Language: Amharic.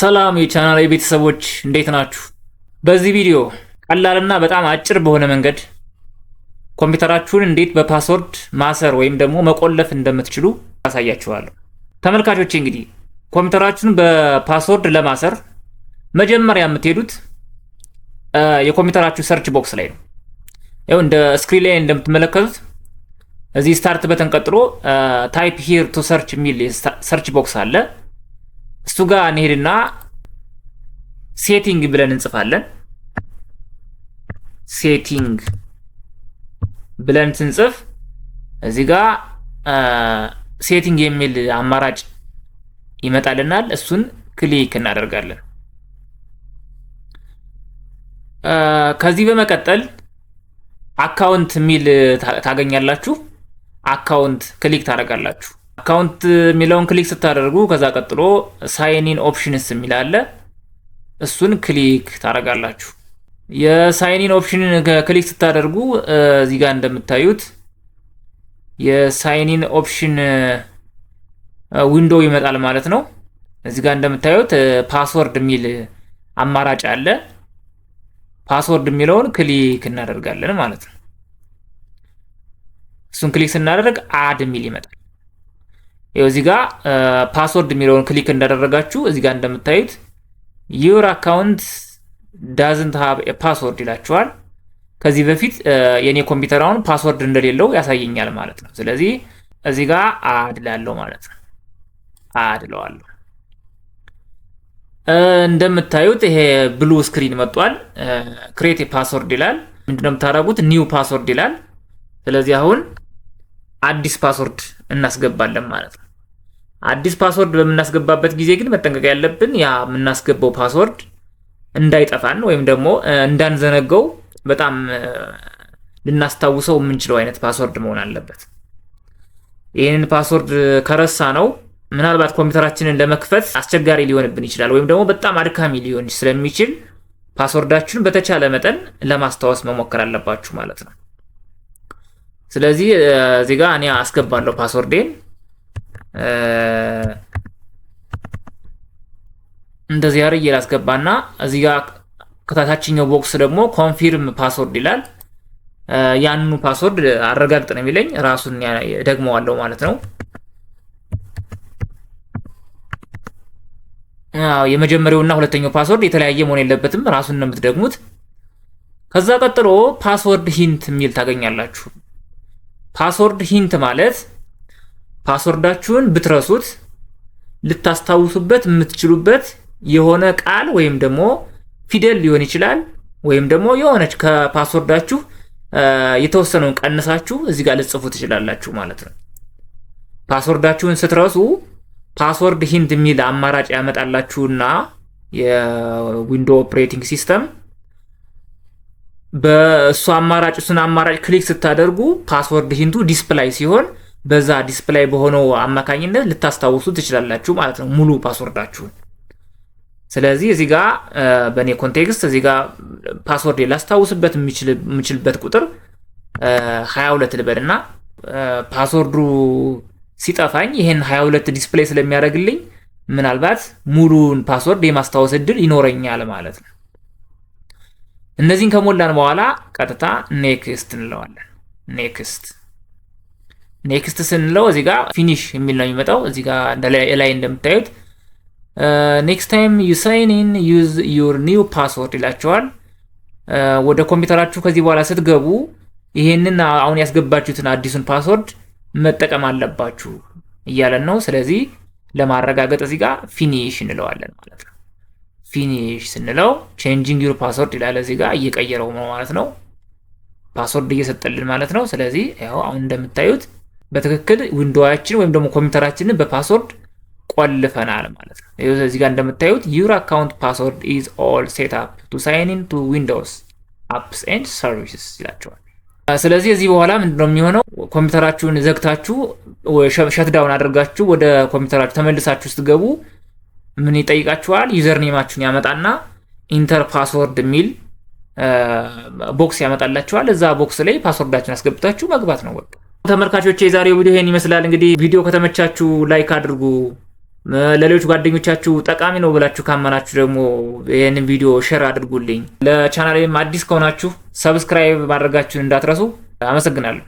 ሰላም የቻናል የቤተሰቦች እንዴት ናችሁ? በዚህ ቪዲዮ ቀላልና በጣም አጭር በሆነ መንገድ ኮምፒውተራችሁን እንዴት በፓስወርድ ማሰር ወይም ደግሞ መቆለፍ እንደምትችሉ አሳያችኋለሁ። ተመልካቾቼ እንግዲህ ኮምፒውተራችሁን በፓስወርድ ለማሰር መጀመሪያ የምትሄዱት የኮምፒውተራችሁ ሰርች ቦክስ ላይ ነው። ይኸው እንደ ስክሪን ላይ እንደምትመለከቱት እዚህ ስታርት በተንቀጥሎ ታይፕ ሂር ቱ ሰርች የሚል ሰርች ቦክስ አለ እሱ ጋር እንሄድና ሴቲንግ ብለን እንጽፋለን። ሴቲንግ ብለን ስንጽፍ እዚህ ጋር ሴቲንግ የሚል አማራጭ ይመጣልናል። እሱን ክሊክ እናደርጋለን። ከዚህ በመቀጠል አካውንት የሚል ታገኛላችሁ። አካውንት ክሊክ ታደርጋላችሁ። አካውንት የሚለውን ክሊክ ስታደርጉ ከዛ ቀጥሎ ሳይኒን ኦፕሽንስ የሚል አለ። እሱን ክሊክ ታደርጋላችሁ። የሳይኒን ኦፕሽንን ክሊክ ስታደርጉ እዚህ ጋር እንደምታዩት የሳይኒን ኦፕሽን ዊንዶው ይመጣል ማለት ነው። እዚህ ጋር እንደምታዩት ፓስወርድ የሚል አማራጭ አለ። ፓስወርድ የሚለውን ክሊክ እናደርጋለን ማለት ነው። እሱን ክሊክ ስናደርግ አድ የሚል ይመጣል። ይኸው እዚህ ጋር ፓስወርድ የሚለውን ክሊክ እንዳደረጋችሁ እዚህ ጋር እንደምታዩት ዩር አካውንት ዳዝንት ሃብ ፓስወርድ ይላችኋል። ከዚህ በፊት የኔ ኮምፒውተር አሁን ፓስወርድ እንደሌለው ያሳየኛል ማለት ነው። ስለዚህ እዚህ ጋር አድላለሁ ማለት ነው፣ አድለዋለሁ። እንደምታዩት ይሄ ብሉ ስክሪን መጧል። ክሬት ፓስወርድ ይላል። ምንድነው የምታደርጉት? ኒው ፓስወርድ ይላል። ስለዚህ አሁን አዲስ ፓስወርድ እናስገባለን ማለት ነው። አዲስ ፓስወርድ በምናስገባበት ጊዜ ግን መጠንቀቅ ያለብን ያ የምናስገባው ፓስወርድ እንዳይጠፋን ወይም ደግሞ እንዳንዘነገው በጣም ልናስታውሰው የምንችለው አይነት ፓስወርድ መሆን አለበት። ይህንን ፓስወርድ ከረሳ ነው ምናልባት ኮምፒውተራችንን ለመክፈት አስቸጋሪ ሊሆንብን ይችላል፣ ወይም ደግሞ በጣም አድካሚ ሊሆን ስለሚችል ፓስወርዳችሁን በተቻለ መጠን ለማስታወስ መሞከር አለባችሁ ማለት ነው። ስለዚህ እዚህ ጋ እኔ አስገባለሁ ፓስወርዴን እንደዚህ አድርጌ ላስገባና እዚህ ጋር ከታችኛው ቦክስ ደግሞ ኮንፊርም ፓስወርድ ይላል። ያንኑ ፓስወርድ አረጋግጥ ነው የሚለኝ። ራሱን ደግመዋለሁ ማለት ነው። የመጀመሪያውና ሁለተኛው ፓስወርድ የተለያየ መሆን የለበትም። ራሱን ነው የምትደግሙት። ከዛ ቀጥሎ ፓስወርድ ሂንት የሚል ታገኛላችሁ። ፓስወርድ ሂንት ማለት ፓስወርዳችሁን ብትረሱት ልታስታውሱበት የምትችሉበት የሆነ ቃል ወይም ደግሞ ፊደል ሊሆን ይችላል። ወይም ደግሞ የሆነች ከፓስወርዳችሁ የተወሰነውን ቀንሳችሁ እዚህ ጋር ልጽፉ ትችላላችሁ ማለት ነው። ፓስወርዳችሁን ስትረሱ ፓስወርድ ሂንት የሚል አማራጭ ያመጣላችሁና የዊንዶ ኦፕሬቲንግ ሲስተም በእሱ አማራጭ እሱን አማራጭ ክሊክ ስታደርጉ ፓስወርድ ሂንቱ ዲስፕላይ ሲሆን በዛ ዲስፕላይ በሆነው አማካኝነት ልታስታውሱ ትችላላችሁ ማለት ነው ሙሉ ፓስወርዳችሁን። ስለዚህ እዚህ ጋ በእኔ ኮንቴክስት እዚህ ጋ ፓስወርድ ላስታውስበት የምችልበት ቁጥር 22 ልበል እና ፓስወርዱ ሲጠፋኝ ይህን 22 ዲስፕሌይ ስለሚያደርግልኝ ምናልባት ሙሉን ፓስወርድ የማስታወስ እድል ይኖረኛል ማለት ነው። እነዚህን ከሞላን በኋላ ቀጥታ ኔክስት እንለዋለን። ኔክስት ኔክስት ስንለው እዚህ ጋር ፊኒሽ የሚል ነው የሚመጣው። እዚህ ጋር ላይ እንደምታዩት ኔክስት ታይም ዩ ሳይን ኢን ዩዝ ዩር ኒው ፓስወርድ ይላቸዋል። ወደ ኮምፒውተራችሁ ከዚህ በኋላ ስትገቡ ይሄንን አሁን ያስገባችሁትን አዲሱን ፓስወርድ መጠቀም አለባችሁ እያለን ነው። ስለዚህ ለማረጋገጥ እዚህ ጋር ፊኒሽ እንለዋለን ማለት ነው። ፊኒሽ ስንለው ቼንጂንግ ዩር ፓስወርድ ይላል። እዚህ ጋር እየቀየረው ነው ማለት ነው። ፓስወርድ እየሰጠልን ማለት ነው። ስለዚህ ያው አሁን እንደምታዩት በትክክል ዊንዶዋችን ወይም ደግሞ ኮምፒውተራችንን በፓስወርድ ቆልፈናል ማለት ነው። እዚህ ጋር እንደምታዩት ዩር አካውንት ፓስወርድ ኢዝ ኦል ሴት አፕ ቱ ሳይን ኢን ቱ ዊንዶውስ አፕስ ኤንድ ሰርቪስስ ይላቸዋል። ስለዚህ እዚህ በኋላ ምንድነው የሚሆነው? ኮምፒውተራችሁን ዘግታችሁ ሸትዳውን አድርጋችሁ ወደ ኮምፒውተራችሁ ተመልሳችሁ ስትገቡ ምን ይጠይቃችኋል? ዩዘርኔማችሁን ያመጣና ኢንተር ፓስወርድ የሚል ቦክስ ያመጣላችኋል። እዛ ቦክስ ላይ ፓስወርዳችሁን አስገብታችሁ መግባት ነው በቃ ተመልካቾች የዛሬው ቪዲዮ ይሄን ይመስላል። እንግዲህ ቪዲዮ ከተመቻችሁ ላይክ አድርጉ። ለሌሎች ጓደኞቻችሁ ጠቃሚ ነው ብላችሁ ካመናችሁ ደግሞ ይህንን ቪዲዮ ሼር አድርጉልኝ። ለቻናሌም አዲስ ከሆናችሁ ሰብስክራይብ ማድረጋችሁን እንዳትረሱ። አመሰግናለሁ።